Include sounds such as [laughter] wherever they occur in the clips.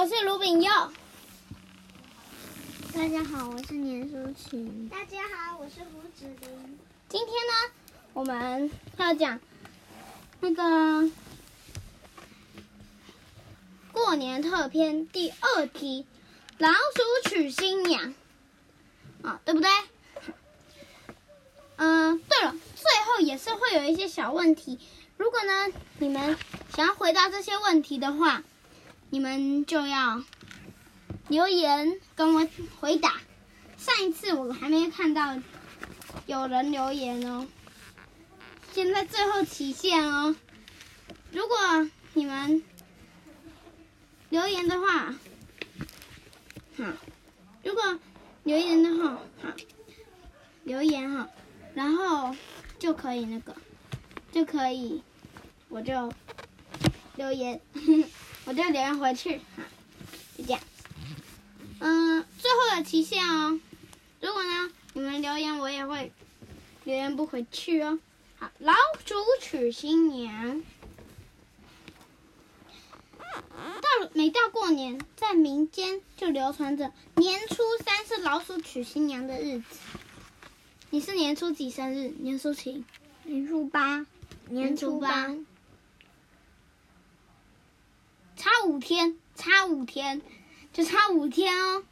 我是盧炳佑，大家好，我是年書琴，大家好，我是胡子林。今天呢，我們要講那個過年特篇第二集《老鼠娶新娘》哦，啊，對不對？嗯，對了，最後也是會有一些小問題。如果呢，你們想要回答這些問題的話。你們就要留言跟我回答。上一次我還沒看到有人留言哦，現在最後期限哦。如果你們留言的話，如果留言的話，留言哈，然後就可以那個，就可以，我就留言。 [laughs] 我就留言回去，就這樣。嗯，最後的期限哦。如果呢，你們留言，我也會留言不回去哦。好，老鼠娶新娘。到了，每到過年，在民間就流傳着年初三是老鼠娶新娘的日子。你是年初幾生日？年初幾？年初八。年初八。五天，差五天，就差五天哦。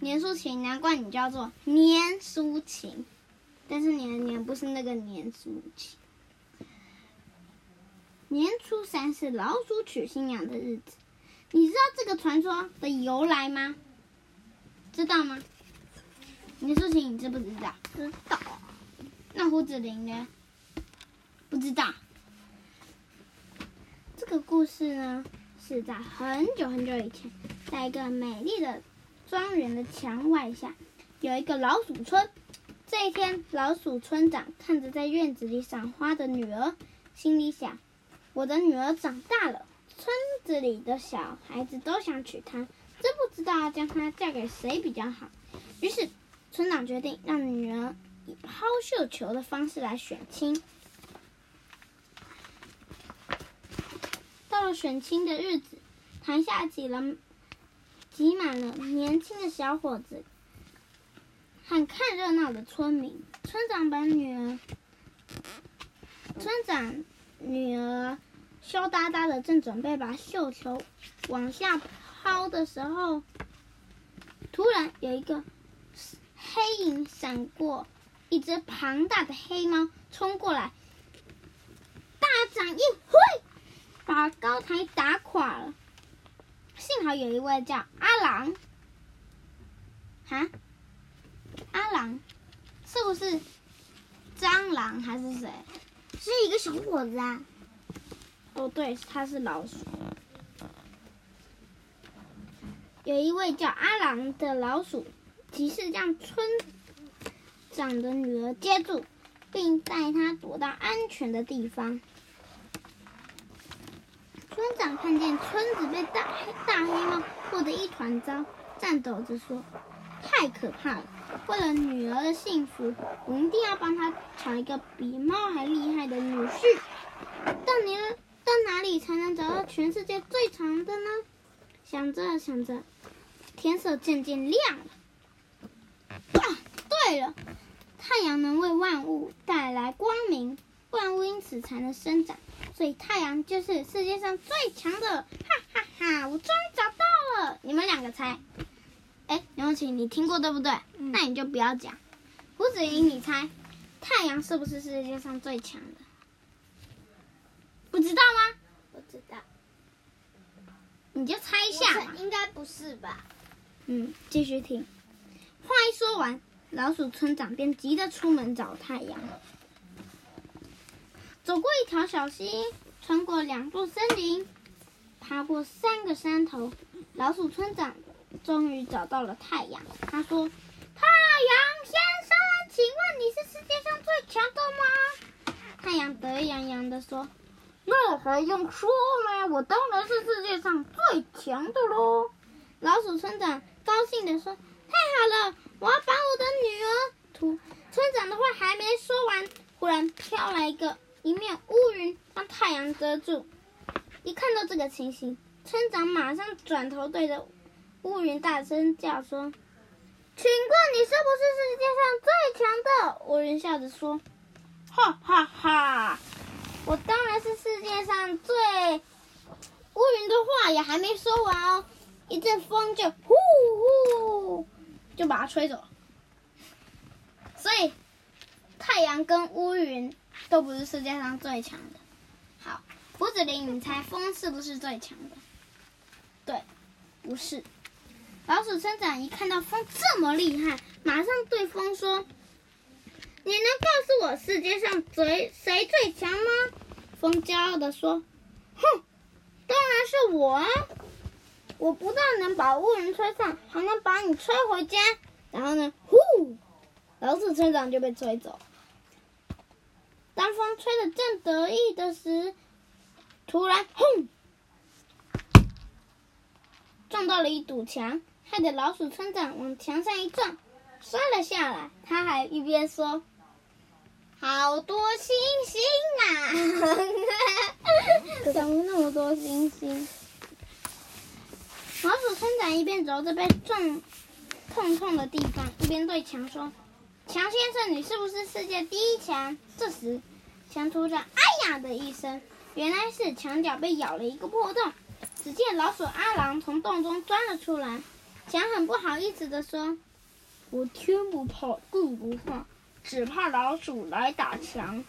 年書情，難怪你叫做年書情，但是年年不是那個年書情。年初三是老鼠娶新娘的日子，你知道這個傳說的由來嗎？知道嗎？年書情你知不知道？知道。那胡子林呢？不知道。這個故事呢，是在很久很久以前，在一個美麗的莊園的牆外下，有一個老鼠村。這一天，老鼠村長看着在院子裡賞花的女兒，心裡想：我的女兒長大了，村子裡的小孩子都想娶她，真不知道將她嫁給誰比較好。於是，村長決定讓女兒以拋繡球的方式來選親。要選親的日子，台下擠了擠滿了年輕的小伙子和看熱鬧的村民。村長把女兒，村長女兒羞答答的正準備把繡球往下拋的時候，突然有一個黑影閃過，一隻龐大的黑貓衝過來，大掌一揮。嘿把高台打垮了，幸好有一位叫阿郎，啊，阿郎，是不是蟑螂還是誰？是一個小伙子啊。哦，對，他是老鼠。有一位叫阿郎的老鼠及時將村長的女兒接住，並帶她躲到安全的地方。村長看見村子被大大黑貓弄得一團糟，顫抖着說：“太可怕了！為了女兒的幸福，我一定要幫她找一個比貓還厲害的女婿。到哪到哪裡才能找到全世界最長的呢？”想着想着，天色漸漸亮了、啊。對了，太陽能為萬物帶來光明，萬物因此才能生長。所以太陽就是世界上最強的，哈哈哈，哈！我終於找到了，你們兩個猜。哎，劉夢琪，你聽過對不對、嗯？那你就不要講。胡子雲，你猜，嗯、太陽是不是世界上最強的？不知道嗎？不知道。你就猜一下。應該不是吧？嗯，繼續聽。話一說完，老鼠村長便急着出門找太陽。走過一條小溪，穿過兩座森林，爬過三個山頭，老鼠村長終於找到了太陽。他說：“太陽先生，請問你是世界上最強的嗎？”太陽得意洋洋地說：“那還用說嗎？我當然是世界上最強的嘍！”老鼠村長高興地說：“太好了，我要把我的女兒圖……”圖村長的話還沒說完，忽然飄來一個。一面烏雲把太陽遮住。一看到這個情形，村長馬上轉頭對着烏雲大聲叫說：“請問你是不是世界上最強的？”烏雲笑着說：“哈哈哈，我當然是世界上最……”烏雲的話也還沒說完哦，一陣風就呼呼，就把它吹走了。所以，太陽跟烏雲。都不是世界上最強的。好，胡子林，你猜風是不是最強的？對，不是。老鼠村長一看到風這麼厲害，馬上對風說：“你能告訴我世界上誰誰最強嗎？”風驕傲地說：“哼，當然是我啊！我不但能把烏雲吹散，還能把你吹回家。”然後呢？呼，老鼠村長就被吹走了。當風吹得正得意的時，突然“轟”撞到了一堵牆，害得老鼠村長往牆上一撞，摔了下來。他還一邊說：“好多星星啊！”哈哈哈哈哈！怎麼那麼多星星？老鼠村長一邊走着被撞痛痛的地方，一邊對牆說。牆先生，你是不是世界第一強？這時，牆突然“哎呀”的一聲，原來是牆角被咬了一個破洞。只見老鼠阿郎從洞中鑽了出來。牆很不好意思地說：“我天不怕地不怕，只怕老鼠來打牆。”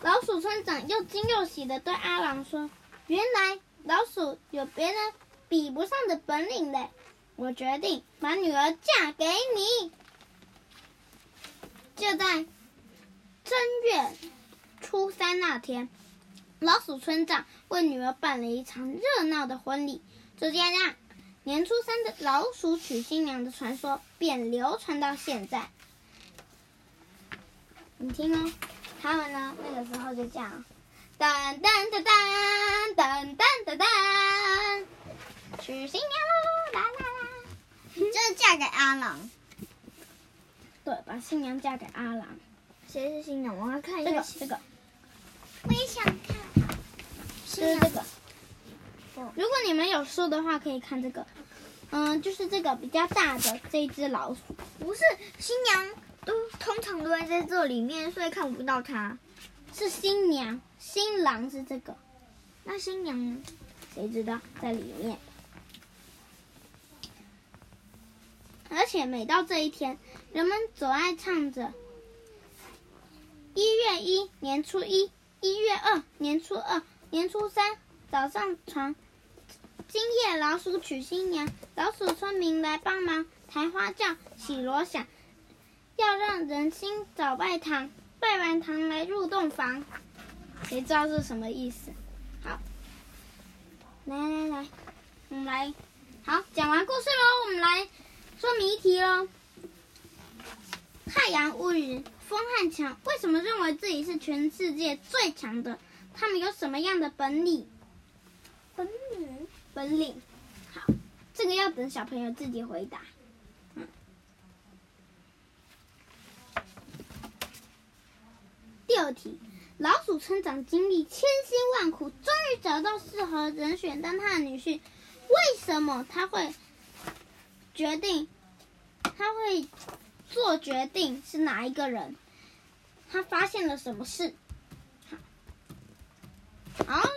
老鼠村長又驚又喜地對阿郎說：“原來老鼠有別人比不上的本領嘞！我決定把女兒嫁給你。”就在正月初三那天，老鼠村長為女兒辦了一場熱鬧的婚禮。就這樣，年初三的老鼠娶新娘的傳說便流傳到現在。你聽哦，他們呢那個時候就講、哦，噔噔噔噔噔噔噔等娶新娘啦啦啦，達達達就嫁給阿郎。 [laughs] 對，把新娘嫁給阿郎。誰是新娘？我要看一下。這個，這個。我也想看看。就是這個。如果你們有書的話，可以看這個。嗯，就是這個比較大的這一隻老鼠。不是，新娘都通常都會在這裡面，所以看不到它。是新娘，新郎是這個。那新娘呢？誰知道在裡面？而且每到這一天，人們總愛唱着：“一月一，年初一；一月二，年初二；年初三，早上床。今夜老鼠娶新娘，老鼠村民來幫忙抬花轎，起鑼響，要讓人心早拜堂。拜完堂來入洞房。”誰知道是什麼意思？好，來來來，我們來，好，講完故事嘍，我們來。說謎題咯。太陽、烏雲、風和牆為什麼認為自己是全世界最強的？他們有什麼樣的本領？本領本領，好，這個要等小朋友自己回答。嗯。第二題，老鼠村長經歷千辛萬苦，終於找到適合人選當他的女婿，為什麼他會決定？他會做決定是哪一個人，他發現了什麼事？好，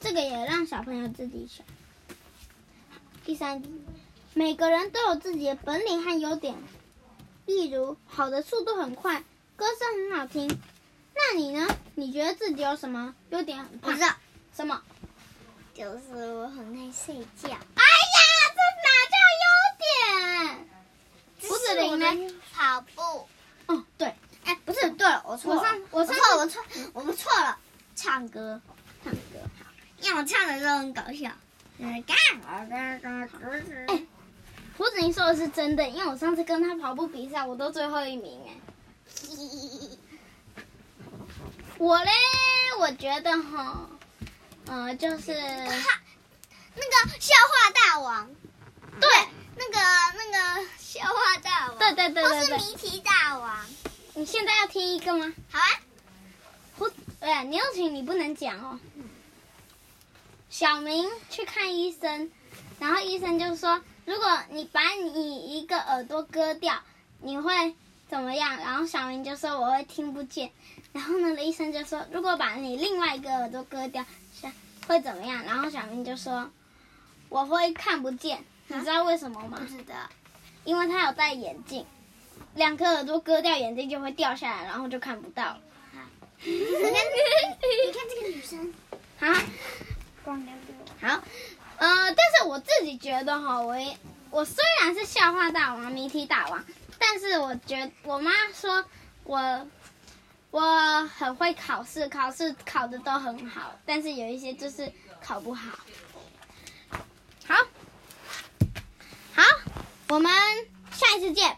這個也讓小朋友自己選。第三題，每個人都有自己的本領和優點，例如跑的速度很快，歌聲很好聽。那你呢？你覺得自己有什麼優點很？不知道，什麼？就是我很愛睡覺。唱歌，唱歌，好，因為我唱的都很搞笑。哎，胡子寧說的是真的，因為我上次跟他跑步比賽，我都最後一名，欸。哎， [laughs] 我嘞，我覺得哈，呃，就是，那個、那個笑話大王，對，對那個那個笑話大王，對對對對，對，對，對，都是謎題大王。你現在要聽一個嗎？好啊。對、啊，你有請，你不能講哦。小明去看醫生，然後醫生就說：“如果你把你一個耳朵割掉，你會怎麼樣？”然後小明就說：“我會聽不見。”然後呢，醫生就說：“如果把你另外一個耳朵割掉，會怎麼樣？”然後小明就說：“我會看不見。”你知道為什麼嗎？啊、不知道，因為他有戴眼鏡，兩個耳朵割掉，眼鏡就會掉下來，然後就看不到。 [laughs] 你看，你看這個女生好，光、huh? 好，呃，但是我自己覺得哈，我也我雖然是笑話大王、謎題大王，但是我覺得我媽說我我很會考試，考試考得都很好，但是有一些就是考不好。好，好，我們下一次見。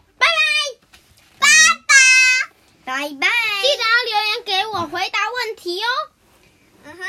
拜拜！記得留言給我回答問題哦。嗯哼，